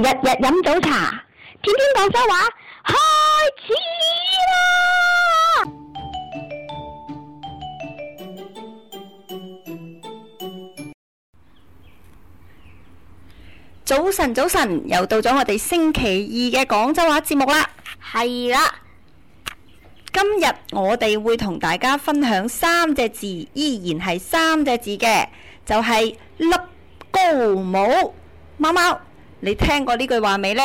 日日飲早茶，天天廣州話，開始啦！早晨，早晨，又到咗我哋星期二嘅廣州話節目啦。係啦的，今日我哋會同大家分享三隻字，依然係三隻字嘅，就係、是、笠高帽，貓貓。你聽過呢句話未呢？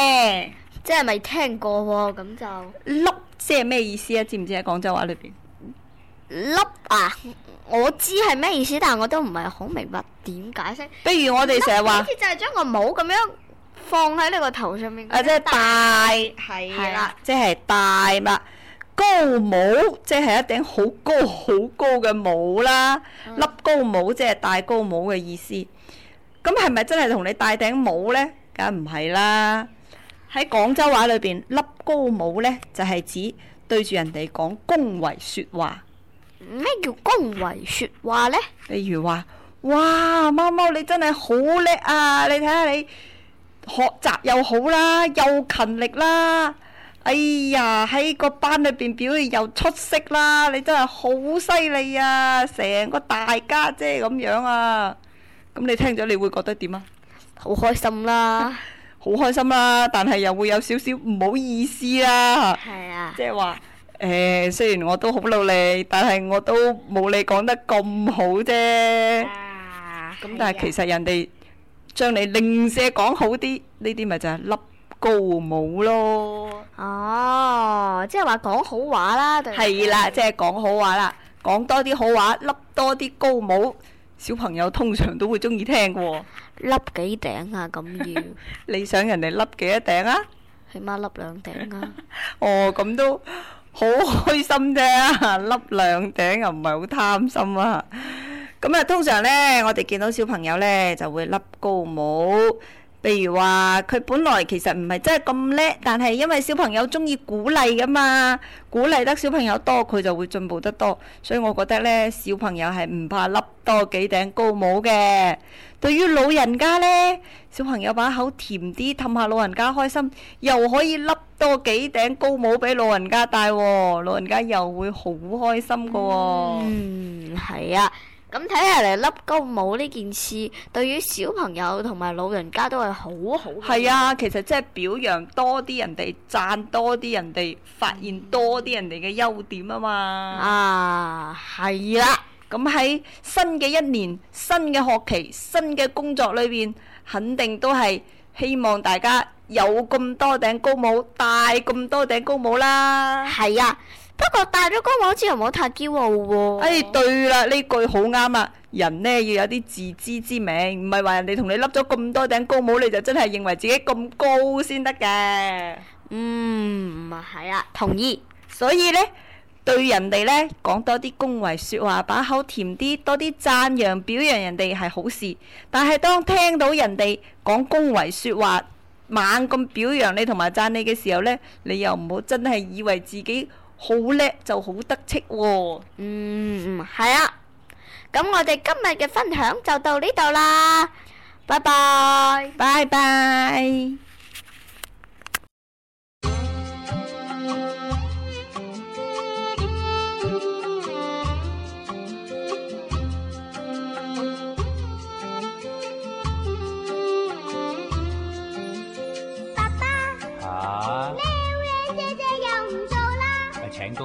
即係咪聽過喎、哦？咁就笠即係咩意思啊？知唔知喺廣州話裏邊？笠啊！我知係咩意思，但我都唔係好明白點解釋。比如我哋成日話，好似就係將個帽咁樣放喺你個頭上面。即係戴，係啦、啊，即係戴嘛。高帽即係、就是、一頂好高好高嘅帽啦。笠、嗯、高帽即係戴高帽嘅意思。咁係咪真係同你戴頂帽呢？梗唔係啦！喺廣州話裏邊，笠高帽呢就係指對住人哋講恭維説話。咩叫恭維説話呢？例如話：哇，貓貓你真係好叻啊！你睇下你學習又好啦，又勤力啦。哎呀，喺個班裏邊表現又出色啦！你真係好犀利啊，成個大家姐咁樣啊！咁你聽咗，你會覺得點啊？好開心啦，好開心啦，但係又會有少少唔好意思啦，即係話誒，雖然我都好努力，但係我都冇你講得咁好啫。咁但係其實人哋將你另些講好啲，呢啲咪就係笠高帽咯。哦，即係話講好話啦，係啦，即係講好話啦，講多啲好話，笠多啲高帽，小朋友通常都會中意聽嘅。笠幾頂啊？咁要？ 你想人哋笠幾多頂啊？起碼笠兩頂啊！ 哦，咁都好開心啫、啊！笠兩頂又唔係好貪心啊！咁 啊，通常呢，我哋見到小朋友呢，就會笠高帽。譬如話，佢本來其實唔係真係咁叻，但係因為小朋友中意鼓勵噶嘛，鼓勵得小朋友多，佢就會進步得多。所以我覺得呢，小朋友係唔怕笠多幾頂高帽嘅。對於老人家呢，小朋友把口甜啲，氹下老人家開心，又可以笠多幾頂高帽俾老人家戴喎、啊，老人家又會好開心噶喎、啊。嗯，係啊。咁睇下嚟笠高帽呢件事，對於小朋友同埋老人家都係好好。係啊，其實即係表揚多啲人哋，讚多啲人哋，發現多啲人哋嘅優點啊嘛。啊，係啦、啊。咁喺新嘅一年、新嘅學期、新嘅工作裏邊，肯定都係希望大家有咁多頂高帽，戴咁多頂高帽啦。係啊。不過戴咗高帽之後，唔好太驕傲喎。哎，對啦，呢句好啱啊！人呢，要有啲自知之明，唔係話人哋同你笠咗咁多頂高帽，你就真係認為自己咁高先得嘅。嗯，係啊，同意。所以呢，對人哋呢，講多啲恭維說話，把口甜啲，多啲讚揚表揚人哋係好事。但係當聽到人哋講恭維說話，猛咁表揚你同埋讚你嘅時候呢，你又唔好真係以為自己。好叻就好得戚喎，哦，嗯，係啊，咁我哋今日嘅分享就到呢度啦，拜拜，拜拜。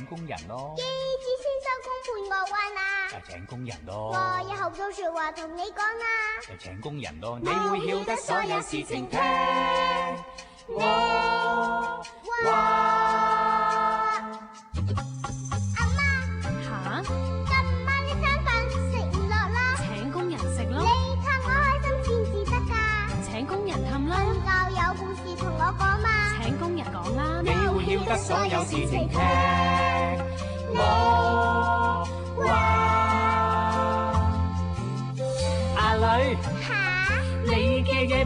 請工人咯，記住先收工陪我玩啊！就係請工人咯。我有好多說話同你講啊。請工人咯，你會曉得所有事情聽我話。阿媽，吓？今晚啲餐飯食唔落啦？請工人食咯。你氹我開心，先至得噶？請工人氹啦。瞓覺有故事同我講嘛？請工人講啦。你會曉得所有事情聽。